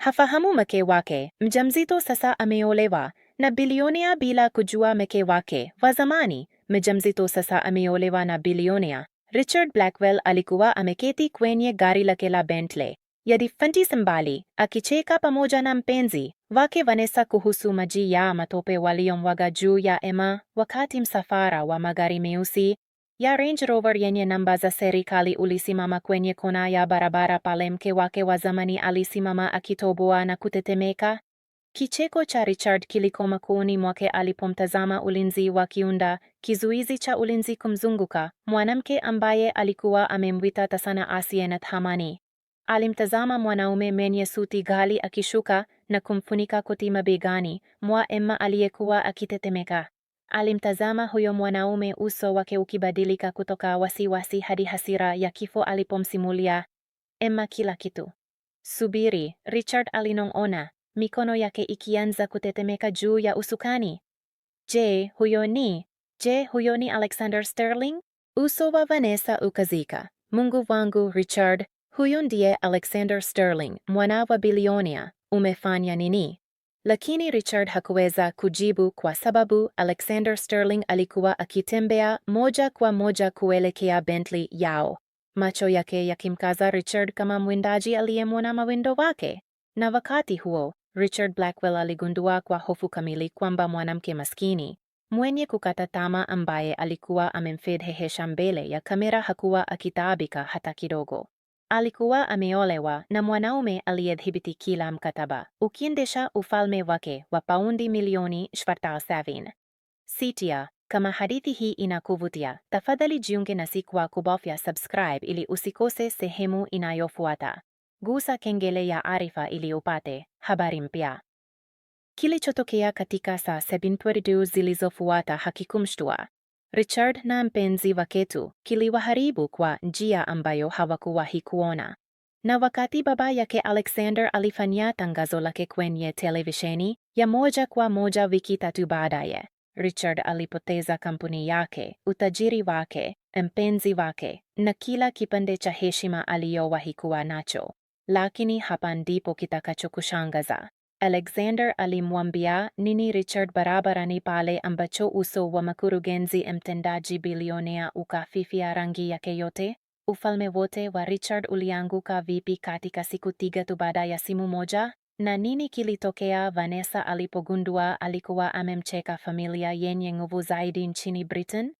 hafahamu mke wake mjamzito sasa ameolewa na bilionea bila kujua mke wake wa zamani mjamzito sasa ameolewa na bilionea Richard Blackwell alikuwa ameketi kwenye gari lake la Bentley yadi fanti sambali akicheka pamoja na mpenzi wake Vanessa kuhusu maji ya matope waliomwaga juu ya Emma wakati msafara wa magari meusi ya Range Rover yenye namba za serikali ulisimama kwenye kona ya barabara pale mke wake wa zamani alisimama akitoboa na kutetemeka. Kicheko cha Richard kilikoma kooni mwake alipomtazama ulinzi wa kiunda kizuizi cha ulinzi kumzunguka mwanamke ambaye alikuwa amemwita Tasana asiye na thamani. Alimtazama mwanaume mwenye suti ghali akishuka na kumfunika koti mabegani mwa Emma aliyekuwa akitetemeka. Alimtazama huyo mwanaume, uso wake ukibadilika kutoka wasiwasi hadi hasira ya kifo alipomsimulia Emma kila kitu. Subiri, Richard alinong'ona, mikono yake ikianza kutetemeka juu ya usukani. Je, huyo ni? Je, huyo ni Alexander Sterling? Uso wa Vanessa ukazika. Mungu wangu, Richard, huyo ndiye Alexander Sterling, mwana wa bilionia. Umefanya nini? Lakini Richard hakuweza kujibu kwa sababu Alexander Sterling alikuwa akitembea moja kwa moja kuelekea Bentley yao, macho yake yakimkaza Richard kama mwindaji aliyemwona mawindo wake. Na wakati huo Richard Blackwell aligundua kwa hofu kamili kwamba mwanamke maskini mwenye kukata tamaa ambaye alikuwa amemfedhehesha mbele ya kamera hakuwa akitaabika hata kidogo alikuwa ameolewa na mwanaume aliyedhibiti kila mkataba, ukiendesha ufalme wake wa paundi milioni Schwarzschild. Sitia, kama hadithi hii inakuvutia, tafadhali jiunge nasi kwa kubofya subscribe ili usikose sehemu inayofuata. Gusa kengele ya arifa ili upate habari mpya. Kilichotokea katika saa 72 zilizofuata hakikumshtua Richard na mpenzi wa Ketu kiliwaharibu kwa njia ambayo hawakuwahi kuona. Na wakati baba yake Alexander alifanya tangazo lake kwenye televisheni ya moja kwa moja wiki tatu baadaye, Richard alipoteza kampuni yake, utajiri wake, mpenzi wake na kila kipande cha heshima aliyowahi kuwa nacho. Lakini hapa ndipo kitakachokushangaza. Alexander alimwambia nini Richard barabarani pale ambacho uso wa mkurugenzi mtendaji bilionea ukafifia rangi yake yote? Ufalme wote wa Richard ulianguka vipi katika siku tiga tu baada ya simu moja? Na nini kilitokea Vanessa alipogundua alikuwa amemcheka familia yenye nguvu zaidi nchini Britain?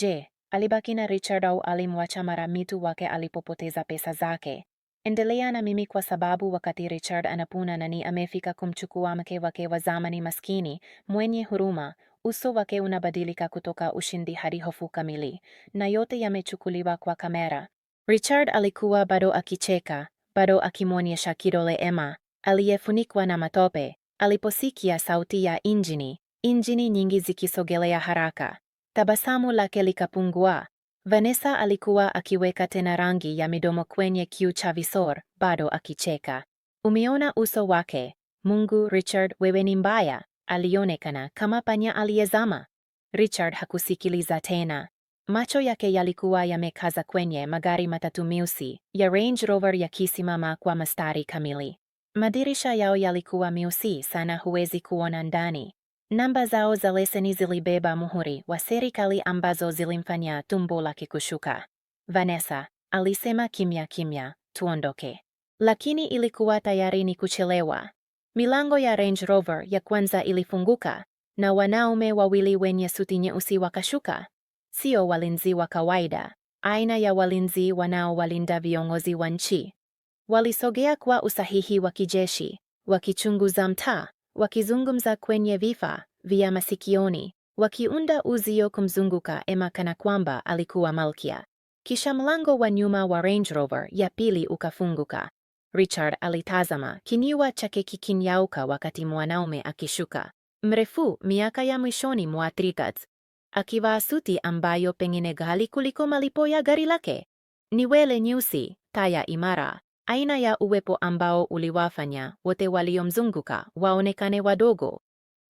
Je, alibaki na Richard au alimwacha mara mitu wake alipopoteza pesa zake? Endelea na mimi kwa sababu wakati Richard anapuna nani amefika kumchukua mke wake wa zamani maskini, mwenye huruma, uso wake unabadilika kutoka ushindi hadi hofu kamili, na yote yamechukuliwa kwa kamera. Richard alikuwa bado akicheka, bado akimwonyesha kidole Emma, aliyefunikwa na matope, aliposikia sauti ya injini, injini nyingi zikisogelea haraka. Tabasamu lake likapungua, Vanessa alikuwa akiweka tena rangi ya midomo kwenye kiu cha Visor, bado akicheka. Umeona uso wake? Mungu, Richard, wewe ni mbaya. Alionekana kama panya aliyezama. Richard hakusikiliza tena. Macho yake yalikuwa yamekaza kwenye magari matatu meusi ya Range Rover yakisimama kwa mstari kamili. Madirisha yao yalikuwa meusi sana, huwezi kuona ndani. Namba zao za leseni zilibeba muhuri wa serikali ambazo zilimfanya tumbo lake kushuka. Vanessa alisema kimya kimya, tuondoke, lakini ilikuwa tayari ni kuchelewa. Milango ya Range Rover ya kwanza ilifunguka na wanaume wawili wenye suti nyeusi wakashuka. Sio walinzi wa kawaida, aina ya walinzi wanaowalinda viongozi wa nchi. Walisogea kwa usahihi wa kijeshi, wakichunguza mtaa wakizungumza kwenye vifaa vya masikioni, wakiunda uzio kumzunguka Emma kana kwamba alikuwa malkia. Kisha mlango wa nyuma wa Range Rover ya pili ukafunguka. Richard alitazama, kinywa chake kikinyauka wakati mwanaume akishuka, mrefu, miaka ya mwishoni mwa thelathini, akivaa suti ambayo pengine ghali kuliko malipo ya gari lake. ni wele nyeusi, taya imara, aina ya uwepo ambao uliwafanya wote waliomzunguka waonekane wadogo.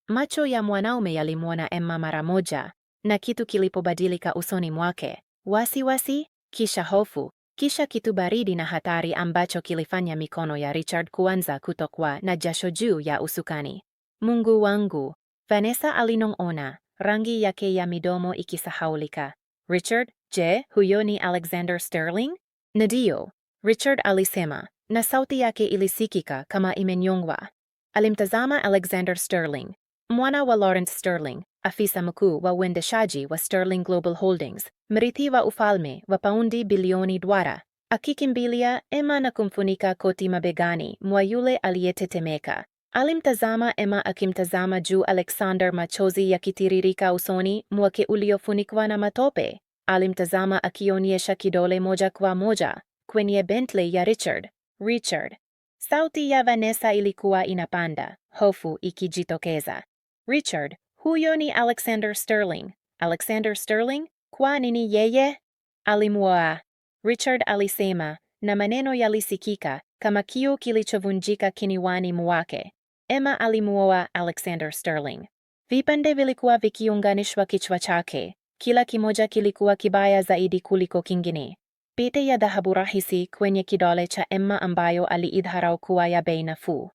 Macho ya mwanaume yalimwona Emma mara moja, na kitu kilipobadilika usoni mwake, wasiwasi, kisha hofu, kisha kitu baridi na hatari ambacho kilifanya mikono ya Richard kuanza kutokwa na jasho juu ya usukani. Mungu wangu, Vanessa alinong'ona, rangi yake ya midomo ikisahaulika. Richard, je, huyo ni Alexander Sterling? Ndiyo, Richard alisema, na sauti yake ilisikika kama imenyongwa. Alimtazama Alexander Sterling, mwana wa Lawrence Sterling, afisa mkuu wa uendeshaji wa Sterling Global Holdings, mrithi wa ufalme wa paundi bilioni dwara, akikimbilia Emma na kumfunika koti mabegani mwa yule aliyetetemeka. Alimtazama Emma akimtazama juu Alexander, machozi yakitiririka usoni mwake uliofunikwa na matope. Alimtazama akionyesha kidole moja kwa moja kwenye Bentley ya Richard, Richard. Sauti ya Vanessa ilikuwa inapanda, hofu ikijitokeza. Richard, huyo ni Alexander Sterling. Alexander Sterling? Kwa nini yeye? Alimwoa. Richard alisema, na maneno yalisikika kama kio kilichovunjika kiniwani mwake. Emma alimwoa Alexander Sterling. Vipande vilikuwa vikiunganishwa kichwa chake, kila kimoja kilikuwa kibaya zaidi kuliko kingine pete ya dhahabu rahisi kwenye kidole cha Emma ambayo aliidharau kuwa ya bei nafuu.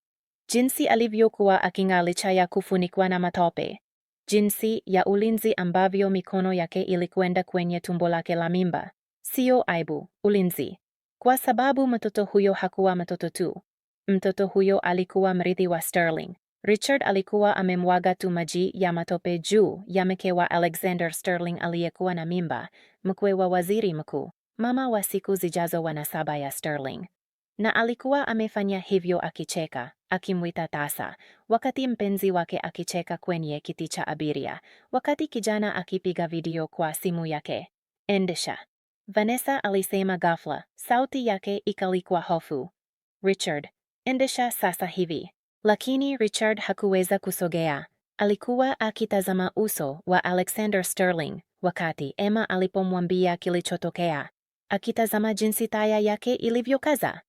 Jinsi alivyokuwa aking'alicha ya kufunikwa na matope. Jinsi ya ulinzi ambavyo mikono yake ilikwenda kwenye tumbo lake la mimba. Sio aibu, ulinzi. Kwa sababu mtoto huyo hakuwa mtoto tu. Mtoto huyo alikuwa mrithi wa Sterling. Richard alikuwa amemwaga tu maji ya matope juu ya mke wa Alexander Sterling aliyekuwa na mimba, mkwe wa waziri mkuu mama wa siku zijazo wa nasaba ya Sterling, na alikuwa amefanya hivyo akicheka, akimwita tasa, wakati mpenzi wake akicheka kwenye kiti cha abiria, wakati kijana akipiga video kwa simu yake. Endesha, Vanessa alisema ghafla, sauti yake ikalikwa hofu. Richard, endesha sasa hivi. Lakini Richard hakuweza kusogea. Alikuwa akitazama uso wa Alexander Sterling wakati Emma alipomwambia kilichotokea akitazama jinsi taya yake ilivyokaza,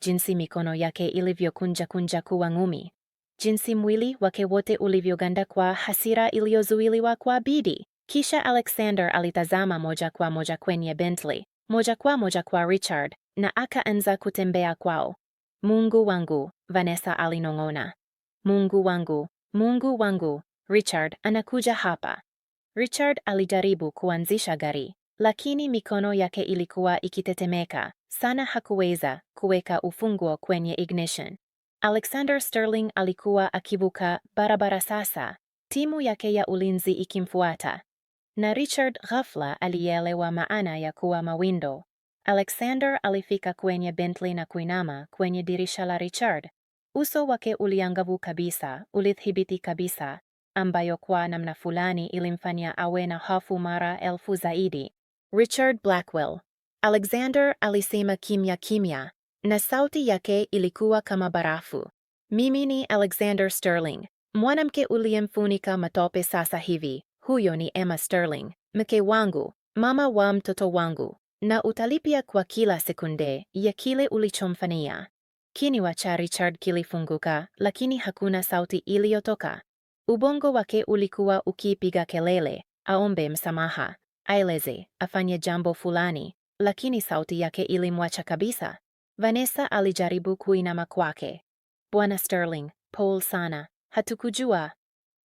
jinsi mikono yake ilivyokunjakunja kuwa ngumi, jinsi mwili wake wote ulivyoganda kwa hasira iliyozuiliwa kwa bidii. Kisha Alexander alitazama moja kwa moja kwenye Bentley, moja kwa moja kwa Richard, na akaanza kutembea kwao. Mungu wangu, Vanessa alinong'ona. Mungu wangu, Mungu wangu, Richard anakuja hapa. Richard alijaribu kuanzisha gari, lakini mikono yake ilikuwa ikitetemeka sana. Hakuweza kuweka ufunguo kwenye ignition. Alexander Sterling alikuwa akivuka barabara sasa, timu yake ya ulinzi ikimfuata, na Richard ghafla alielewa maana ya kuwa mawindo. Alexander alifika kwenye Bentley na kuinama kwenye dirisha la Richard. Uso wake uliangavu kabisa, ulithibiti kabisa, ambayo kwa namna fulani ilimfanya awe na hofu mara elfu zaidi. Richard Blackwell, Alexander alisema kimya kimya, na sauti yake ilikuwa kama barafu. Mimi ni Alexander Sterling, mwanamke uliyemfunika matope sasa hivi. Huyo ni Emma Sterling, mke wangu, mama wa mtoto wangu, na utalipia kwa kila sekunde ya kile ulichomfanyia. Kinywa cha Richard kilifunguka, lakini hakuna sauti iliyotoka. Ubongo wake ulikuwa ukipiga kelele aombe msamaha, aeleze, afanye jambo fulani, lakini sauti yake ilimwacha kabisa. Vanessa alijaribu kuinama kwake. Bwana Sterling, pole sana, hatukujua.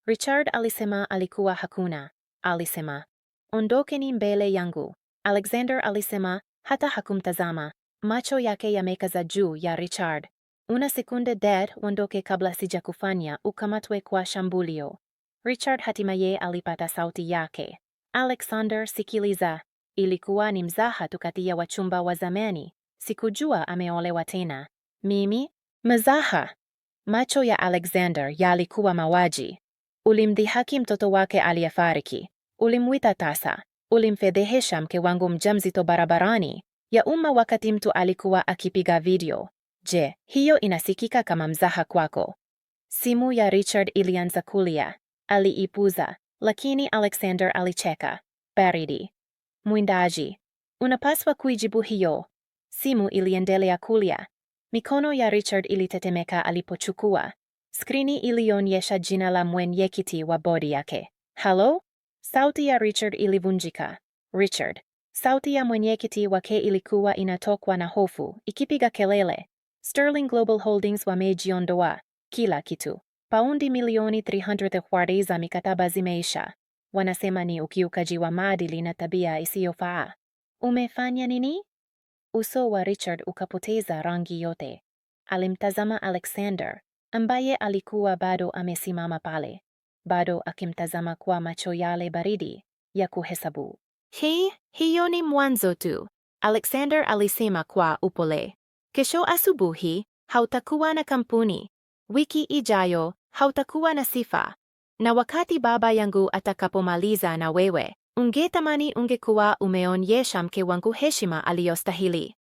Richard alisema alikuwa hakuna. Alisema, ondokeni mbele yangu. Alexander alisema, hata hakumtazama, macho yake yamekaza juu ya Richard. Una sekunde Dad, ondoke kabla sija kufanya ukamatwe kwa shambulio. Richard hatimaye alipata sauti yake. Alexander, sikiliza. Ilikuwa ni mzaha tu kati ya wachumba wa zamani. Sikujua ameolewa tena. Mimi? Mzaha? Macho ya Alexander yalikuwa mawaji. Ulimdhihaki mtoto wake aliyefariki, ulimwita tasa, ulimfedhehesha mke wangu mjamzito barabarani ya umma wakati mtu alikuwa akipiga video. Je, hiyo inasikika kama mzaha kwako? Simu ya Richard ilianza kulia. Aliipuza, lakini Alexander alicheka. Baridi. Mwindaji, unapaswa kuijibu hiyo. Simu iliendelea kulia. Mikono ya Richard ilitetemeka alipochukua. Skrini ilionyesha jina la mwenyekiti wa bodi yake. Halo? Sauti ya Richard ilivunjika. Richard. Sauti ya mwenyekiti wake ilikuwa inatokwa na hofu, ikipiga kelele. Sterling Global Holdings wamejiondoa. Kila kitu. Paundi milioni 300 za za mikataba zimeisha. Wanasema ni ukiukaji wa maadili na tabia isiyofaa. Umefanya nini? Uso wa Richard ukapoteza rangi yote. Alimtazama Alexander ambaye alikuwa bado amesimama pale, bado akimtazama kwa macho yale baridi ya kuhesabu. Hii hiyo ni mwanzo tu, Alexander alisema kwa upole. Kesho asubuhi hautakuwa na kampuni. Wiki ijayo hautakuwa na sifa, na wakati baba yangu atakapomaliza na wewe, ungetamani ungekuwa umeonyesha mke wangu heshima aliyostahili.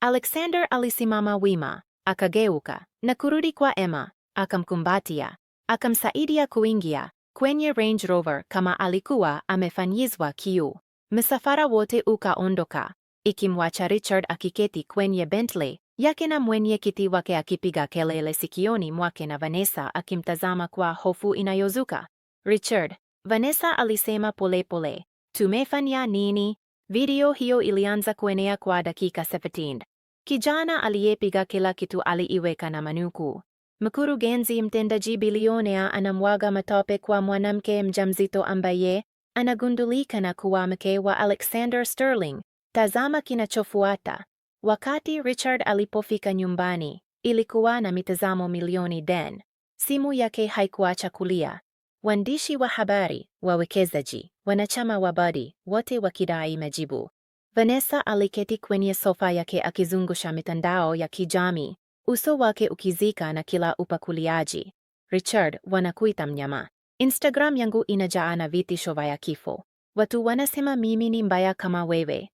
Alexander alisimama wima, akageuka na kurudi kwa Emma, akamkumbatia, akamsaidia kuingia kwenye Range Rover kama alikuwa amefanyizwa kiu. Msafara wote ukaondoka, ikimwacha Richard akiketi kwenye Bentley yake na mwenyekiti wake akipiga kelele sikioni mwake na Vanessa akimtazama kwa hofu inayozuka. Richard, Vanessa alisema polepole pole. Tumefanya nini? Video hiyo ilianza kuenea kwa dakika 17. Kijana aliyepiga kila kitu aliiweka na manuku. Mkurugenzi mtendaji bilionea anamwaga matope kwa mwanamke mjamzito ambaye anagundulikana kuwa mke wa Alexander Sterling. Tazama kinachofuata. Wakati Richard alipofika nyumbani, ilikuwa na mitazamo milioni den. Simu yake haikuacha kulia. Waandishi wa habari, wawekezaji, wanachama wa bodi, wote wakidai majibu. Vanessa aliketi kwenye sofa yake akizungusha mitandao ya kijamii, uso wake ukizika na kila upakuliaji. Richard, wanakuita mnyama. Instagram yangu inajaa na vitisho vya kifo. Watu wanasema mimi ni mbaya kama wewe.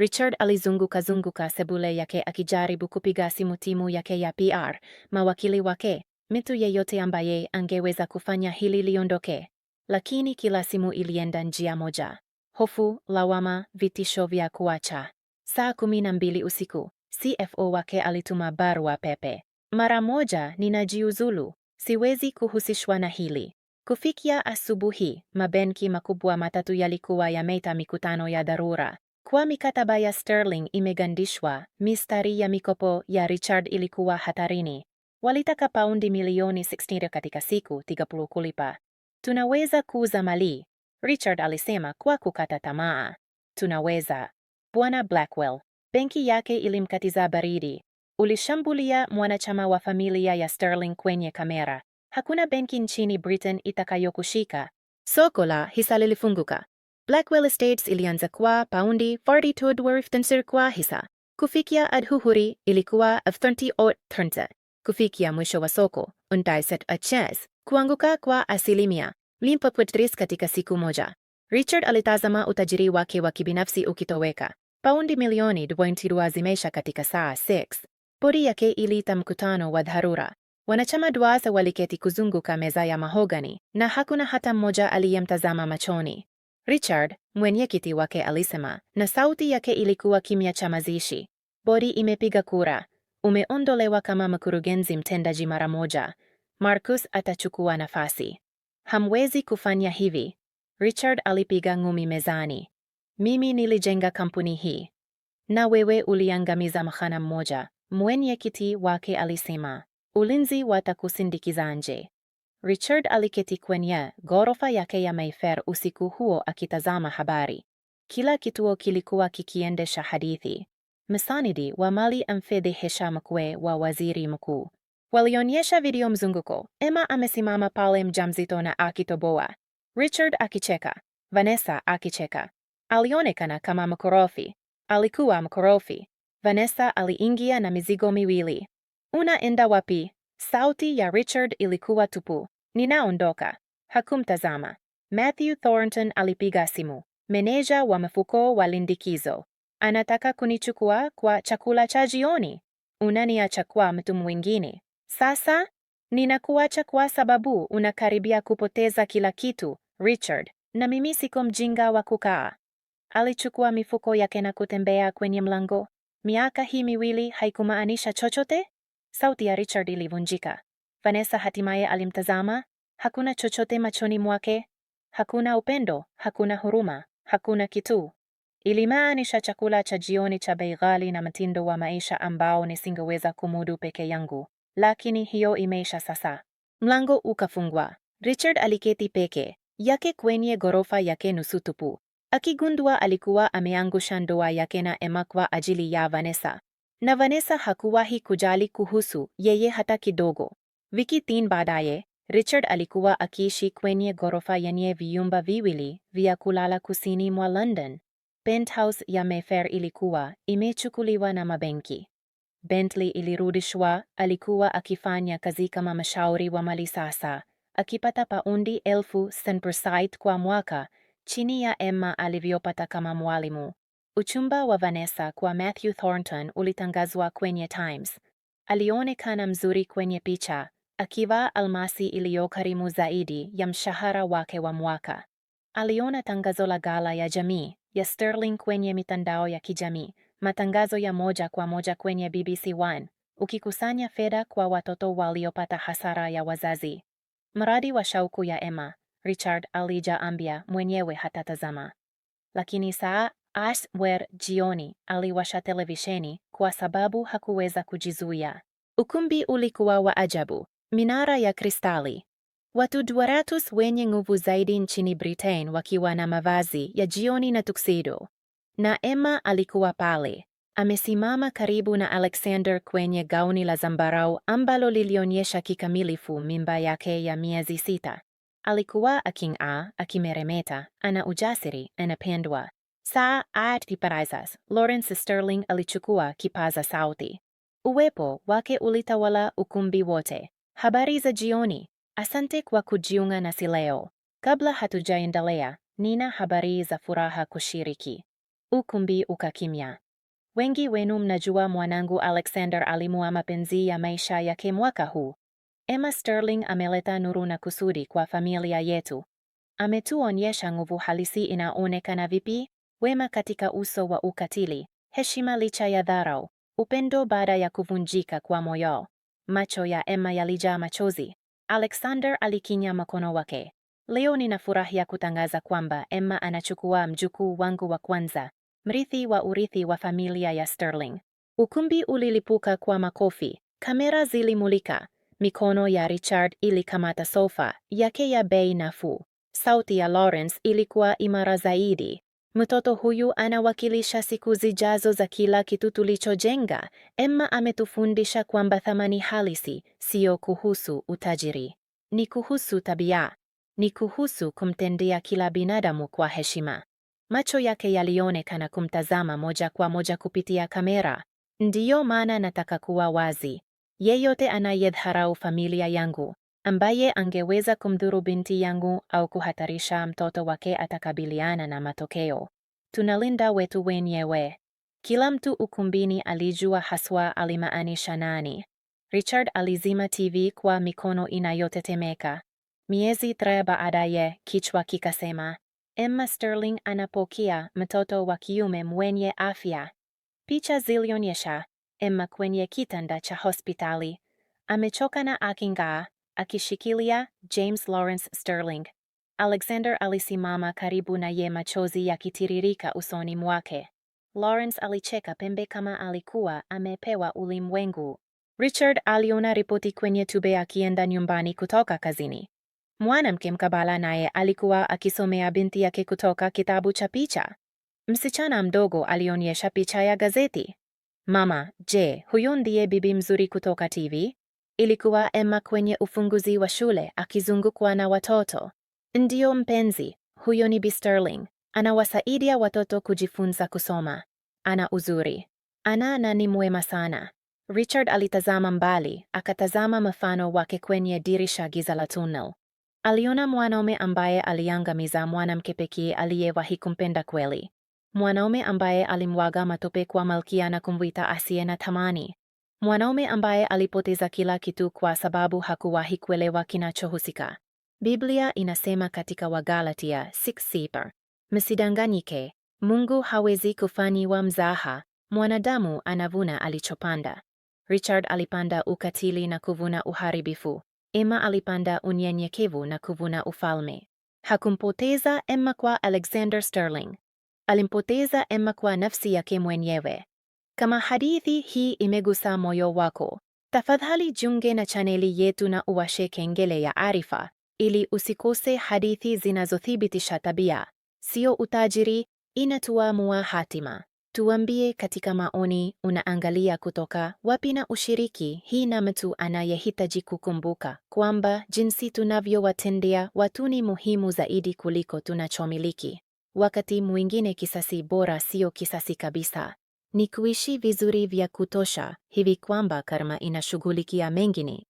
Richard alizunguka-zunguka sebule yake akijaribu kupiga simu timu yake ya PR, mawakili wake, mtu yeyote ambaye angeweza kufanya hili liondoke. Lakini kila simu ilienda njia moja: hofu, lawama, vitisho vya kuacha. Saa kumi na mbili usiku CFO wake alituma barua pepe: mara moja, ninajiuzulu, siwezi kuhusishwa na hili. Kufikia asubuhi, mabenki makubwa matatu yalikuwa yameita mikutano ya dharura. Kwa mikataba ya Sterling imegandishwa, mistari ya mikopo ya Richard ilikuwa hatarini. Walitaka paundi milioni 16 katika siku 30 kulipa. Tunaweza kuuza mali, Richard alisema kwa kukata tamaa. Tunaweza. Bwana Blackwell, benki yake ilimkatiza baridi. Ulishambulia mwanachama wa familia ya Sterling kwenye kamera. Hakuna benki nchini Britain itakayokushika. Soko la hisa lilifunguka. Blackwell Estates ilianza kwa paundi 42 dwariftenser kwa hisa. Kufikia adhuhuri ilikuwa of 38 kufikia mwisho wa soko untaiset chance, kuanguka kwa asilimia limpa putris katika siku moja. Richard alitazama utajiri wake wa kibinafsi ukitoweka. Paundi milioni 22 zimeisha katika saa 6. Bodi yake iliita mkutano wa dharura. Wanachama duasa waliketi kuzunguka meza ya mahogani na hakuna hata mmoja aliyemtazama machoni. Richard mwenyekiti wake alisema, na sauti yake ilikuwa kimya cha mazishi. Bodi imepiga kura, umeondolewa kama mkurugenzi mtendaji mara moja. Marcus atachukua nafasi. Hamwezi kufanya hivi. Richard alipiga ngumi mezani. Mimi nilijenga kampuni hii na wewe uliangamiza mahana mmoja, mwenyekiti wake alisema. Ulinzi watakusindikiza nje. Richard aliketi kwenye ghorofa yake ya Mayfair usiku huo akitazama habari. Kila kituo kilikuwa kikiendesha hadithi. Msanidi wa mali amfedhi Hesha Mkwe wa waziri mkuu. Walionyesha video mzunguko, Emma amesimama pale mjamzito na akitoboa, Richard akicheka, Vanessa akicheka. Alionekana kama mkorofi. Alikuwa mkorofi. Vanessa aliingia na mizigo miwili. Unaenda wapi? Sauti ya Richard ilikuwa tupu. Ninaondoka. Hakumtazama. Matthew Thornton alipiga simu. Meneja wa mfuko wa lindikizo. Anataka kunichukua kwa chakula cha jioni. Unaniacha kwa mtu mwingine. Sasa ninakuacha kwa sababu unakaribia kupoteza kila kitu, Richard, na mimi siko mjinga wa kukaa. Alichukua mifuko yake na kutembea kwenye mlango. Miaka hii miwili haikumaanisha chochote. Sauti ya Richard ilivunjika. Vanessa hatimaye alimtazama. Hakuna chochote machoni mwake, hakuna upendo, hakuna huruma, hakuna kitu. Ilimaanisha chakula cha jioni cha bei ghali na mtindo wa maisha ambao nisingeweza kumudu peke yangu, lakini hiyo imeisha sasa. Mlango ukafungwa. Richard aliketi peke yake kwenye ghorofa yake nusu tupu, akigundua alikuwa ameangusha ndoa yake na Emma kwa ajili ya Vanessa na Vanessa hakuwahi kujali kuhusu yeye hata kidogo. Wiki tatu baadaye, Richard alikuwa akiishi kwenye ghorofa yenye vyumba viwili vya kulala kusini mwa London. Penthouse ya Mayfair ilikuwa imechukuliwa na mabenki. Bentley ilirudishwa. Alikuwa akifanya kazi kama mshauri wa mali sasa, akipata paundi elfu sitini kwa mwaka, chini ya Emma alivyopata kama mwalimu. Uchumba wa Vanessa kwa Matthew Thornton ulitangazwa kwenye Times. Alionekana mzuri kwenye picha, akivaa almasi iliyokarimu zaidi ya mshahara wake wa mwaka. Aliona tangazo la gala ya jamii ya Sterling kwenye mitandao ya kijamii, matangazo ya moja kwa moja kwenye BBC One, ukikusanya fedha kwa watoto waliopata hasara ya wazazi. Mradi wa shauku ya Emma, Richard alijaambia mwenyewe hatatazama. Lakini saa Aswer-Jioni aliwasha televisheni kwa sababu hakuweza kujizuia. Ukumbi ulikuwa wa ajabu, minara ya kristali, watu duaratus wenye nguvu zaidi nchini Britain wakiwa na mavazi ya jioni na tuxedo. Na Emma alikuwa pale, amesimama karibu na Alexander kwenye gauni la zambarau ambalo lilionyesha kikamilifu mimba yake ya miezi sita. Alikuwa aking'aa, akimeremeta, ana ujasiri, anapendwa sa at piparaisas, Lawrence Sterling alichukua kipaza sauti. Uwepo wake ulitawala ukumbi wote. Habari za jioni. Asante kwa kujiunga nasi leo. Kabla hatujaendelea, nina habari za furaha kushiriki. Ukumbi ukakimya. Wengi wenu mnajua mwanangu Alexander alimua mapenzi ya maisha yake mwaka huu. Emma Sterling ameleta nuru na kusudi kwa familia yetu. Ametuonyesha nguvu halisi inaonekana vipi wema katika uso wa ukatili, heshima licha ya dharau, upendo baada ya kuvunjika kwa moyo. Macho ya Emma yalijaa machozi. Alexander alikinya mkono wake. Leo nina furaha ya kutangaza kwamba Emma anachukua mjukuu wangu wa kwanza, mrithi wa urithi wa familia ya Sterling. Ukumbi ulilipuka kwa makofi, kamera zilimulika, mikono ya Richard ilikamata sofa yake ya bei nafuu. Sauti ya Lawrence ilikuwa imara zaidi. Mtoto huyu anawakilisha siku zijazo za kila kitu tulichojenga. Emma ametufundisha kwamba thamani halisi siyo kuhusu utajiri, ni kuhusu tabia, ni kuhusu kumtendea kila binadamu kwa heshima. Macho yake yalionekana kumtazama moja kwa moja kupitia kamera. Ndiyo maana nataka kuwa wazi, yeyote anayedharau familia yangu, ambaye angeweza kumdhuru binti yangu au kuhatarisha mtoto wake atakabiliana na matokeo. Tunalinda wetu wenyewe. Kila mtu ukumbini alijua haswa alimaanisha nani. Richard alizima TV kwa mikono inayotetemeka. Miezi tre baadaye, kichwa kikasema, Emma Sterling anapokea mtoto wa kiume mwenye afya. Picha zilionyesha Emma kwenye kitanda cha hospitali, amechoka na akingaa, akishikilia James Lawrence Sterling. Alexander alisimama karibu na ye machozi yakitiririka usoni mwake. Lawrence alicheka pembe kama alikuwa amepewa ulimwengu. Richard aliona ripoti kwenye tube akienda nyumbani kutoka kazini. Mwanamke mkabala naye alikuwa akisomea binti yake kutoka kitabu cha picha. Msichana mdogo alionyesha picha ya gazeti. Mama, je, huyo ndiye bibi mzuri kutoka TV? Ilikuwa Emma kwenye ufunguzi wa shule akizungukwa na watoto. Ndiyo mpenzi, huyo ni Bi Sterling. Anawasaidia watoto kujifunza kusoma. Ana uzuri, ana na ni mwema sana. Richard alitazama mbali, akatazama mfano wake kwenye dirisha giza la tunnel. Aliona mwanaume ambaye aliangamiza mwanamke pekee aliyewahi kumpenda kweli, mwanaume ambaye alimwaga matope kwa Malkia na kumvita asiye na thamani mwanaume ambaye alipoteza kila kitu kwa sababu hakuwahi kuelewa kinachohusika. Biblia inasema katika Wagalatia 6:7, msidanganyike, Mungu hawezi kufanyiwa mzaha, mwanadamu anavuna alichopanda. Richard alipanda ukatili na kuvuna uharibifu. Emma alipanda unyenyekevu na kuvuna ufalme. Hakumpoteza Emma kwa Alexander Sterling, alimpoteza Emma kwa nafsi yake mwenyewe. Kama hadithi hii imegusa moyo wako, tafadhali junge na chaneli yetu na uwashe kengele ya arifa ili usikose hadithi zinazothibitisha tabia sio utajiri inatuamua hatima. Tuambie katika maoni unaangalia kutoka wapi, na ushiriki hii na mtu anayehitaji kukumbuka kwamba jinsi tunavyowatendea watu ni muhimu zaidi kuliko tunachomiliki. Wakati mwingine kisasi bora sio kisasi kabisa ni kuishi vizuri vya kutosha hivi kwamba karma inashughulikia mengine.